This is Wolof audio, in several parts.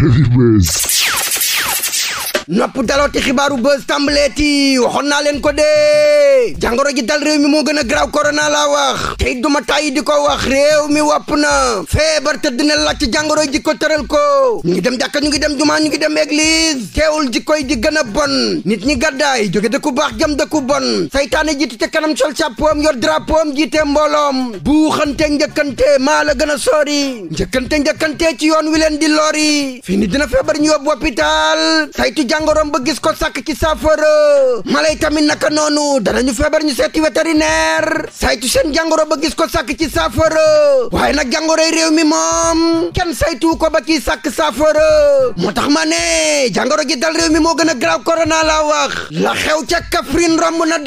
Heavy Bass. nopp dalooti xibaaru buzz tàmbaleeti waxoon naa leen ko dee jàngoro ji dal réew mi moo gën a graw korona la wax tey duma tàyyi di ko wax réew mi wopp na feebar te dina laaj jàngoro ji ko tëral ko ñu ngi dem jàkka ñu ngi dem jumaa ñu ngi dem église teewul ji koy di gën a bon nit ñi gàddaay jóge dëkku baax jëm dëkku bon saytaane jiitu te kanam sol sàppoom yor am ji drapoom jiite mbooloom buuxante njëkkante maa la gën a sori njëkkante njëkkante ci yoon wi leen di lori fii dina feebar ñu yóbbu hôpital saytu jàngoroom ba gis ko sàkk ci saafara mala yi tamit naka noonu ñu feebar ñu seeti vétérinaire saytu seen jàngoro ba gis ko sàkk ci saafara waaye nag jàngoroy réew mi moom kenn saytuwu ko ba ci sàkk saafara moo tax ma ne jàngoro ji dal réew mi moo gën a grave corona laa wax la xew ca Kaffrine romb na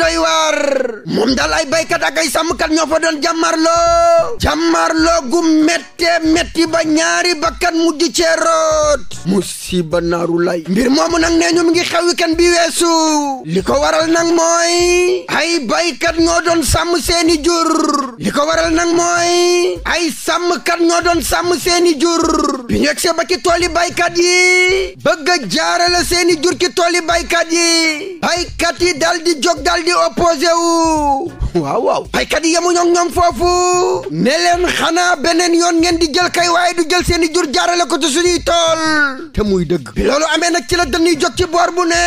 moom daal ay baykat ak ay sàmmkat ñoo fa doon jàmmarloo jàmmarloo gu métte métti ba ñaari bakkan mujj cee root musiba naaru lay mbir moomu nag nag nee ñu mu ngi xew weekend bi weesu li ko waral nag mooy ay baykat ñoo doon sàmm seeni jur li ko waral nag mooy ay sàmmkat ñoo doon sàmm seeni jur bi ñu egsi ba ci tooli baykat yi bëgg a jaarale seeni jur ci tooli baykat yi baykat yi dal di jóg dal di opposé waaw waaw baykat yi yemuñu ak ñoom foofu ne xanaa beneen yoon ngeen di jël kay waaye du jël seeni jur jaarale ko ci suñuy tool te muy dëgg bi loolu amee nag ci la dañuy jóg ci boor bu ne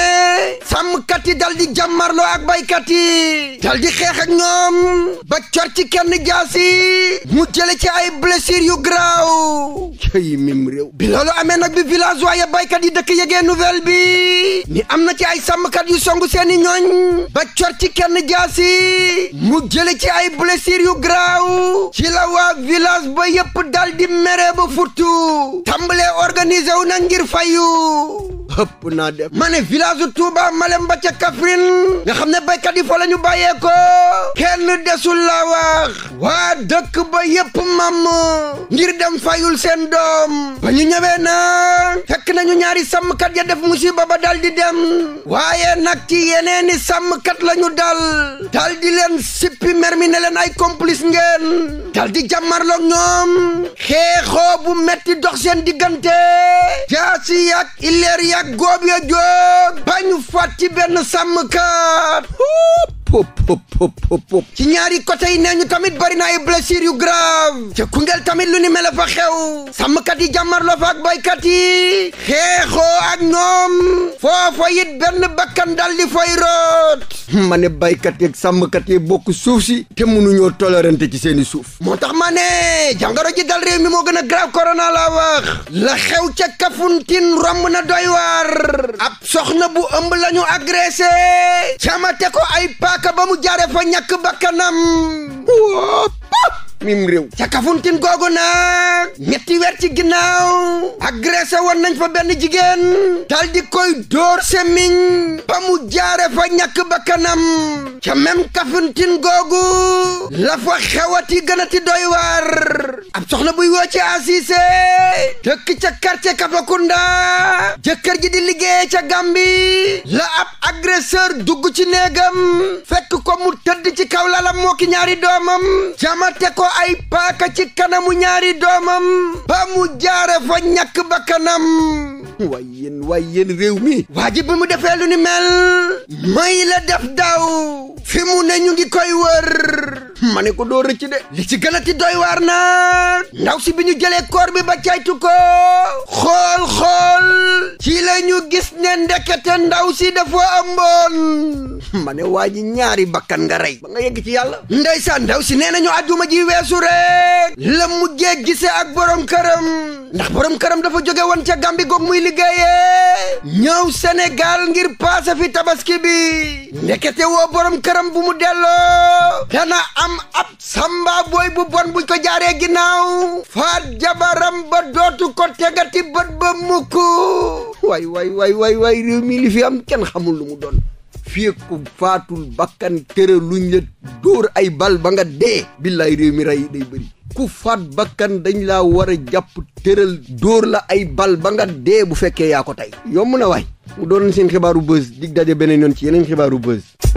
sàmmkat yi dal di jàmmarloo ak baykat yi dal di ñoom ba cor ci kenn jaasi mu jële ci ay blessure yu graaw cëy mim réew bi loolu amee nag bi villageois ya baykat yi dëkk yëgee nouvelle bi ni am na ci ay sàmmkat yu songu seeni ñooñ ba cor ci kenn jaasi mu jële ci ay blessure yu graaw ci la waa village ba yépp dal di mere ba futtu tàmbalee organiser wu na ngir fayu xëpp naa def ma ne village u Touba Malem ba ca Kaffrine nga xam ne béykat yi fa ñu bàyyee ko kenn desul la wax waa dëkk ba yépp mam ngir dem fayul seen doom ba ñu ñëwee na fekk nañu ñaari sàmmkat ya def musiba ba dal di dem waaye nag ci yeneeni sàmmkat la ñu dal dal leen sippi mer ay complice ngeen dal di jàmmarloog seen diggante jaasi yak nag góob ya jóg ba ñu fàtti benn sàmmkat ci ñaari côté yi nee ñu tamit bari na ay blessure yu grave ca Koungheul tamit lu ni mel fa xew sàmmkat yi jàmmarloo fa ak baykat yi xeexoo ak ñoom foofa it benn bakkan dal di fay ma ne baykat yeeg sàmmkat yeeg bokk suuf si te mënuñoo tolérante ci seeni suuf moo tax ma ne jàngoro ji dal réew mi moo gën a grave corona laa wax la xew ca Kafountine romb na doy waar ab soxna bu ëmb la ñu agressé ko ay paaka ba mu jaare fa ñàkk bakkanam mim réew ca Kafountine googu nag ñetti weer ci ginnaaw agressé woon nañ fa benn jigéen dal di koy dóor semiñ ba mu jaare fa ñàkk ba kanam ca même Kafountine googu la fa xewati gën doy waar ab soxna buy woo ci Assise dëkk ca quartier Kafakunda jëkkër ji di liggéeye ca Gàmbi la ab agresseur dugg ci néegam fekk ko mu tëdd ci kaw moo ki ñaari doomam jamate ko ay paaka ci kanamu ñaari doomam ba mu jaare fa ñàkk bakkanam waay yéen réew mi waa ji bi mu ni mel may def daaw fi mu ne ñu ngi koy wër ma ne ko doo rëcc de li ci gën a ti doy waar na ndaw si bi ñu jëlee koor bi ba caytu ko xool xool ci la ñu gis ne ndekete ndaw si dafa amboon ma ne waa ñi ñaari bakkan nga rey ba nga yegg ci yàlla ndeysaan ndaw si nee nañu àjjuma ji weesu rek la mujjee gise ak borom këram ndax borom këram dafa jóge woon ca Gàmbi muy liggéeyee ñëw Sénégal ngir paase fi tabaski bi ndekete woo borom këram bu mu delloo dana am ab samba booy bu bon buñ ko jaaree ginnaaw faat jabaram ba dootu ko tegati bët ba mukk waay waay waay waay waay réew mi li fi am kenn xamul lu mu doon fii ku faatul bakkan tëre luñ la ay bal ba nga dee billaay réew mi rey day bëri ku faat bakkan dañ laa war a jàpp tëral dóor la ay bal ba nga dee bu fekkee yaa ko tey yomb na waay mu doon seen xibaaru buzz dig daje beneen yoon ci yeneen xibaaru buzz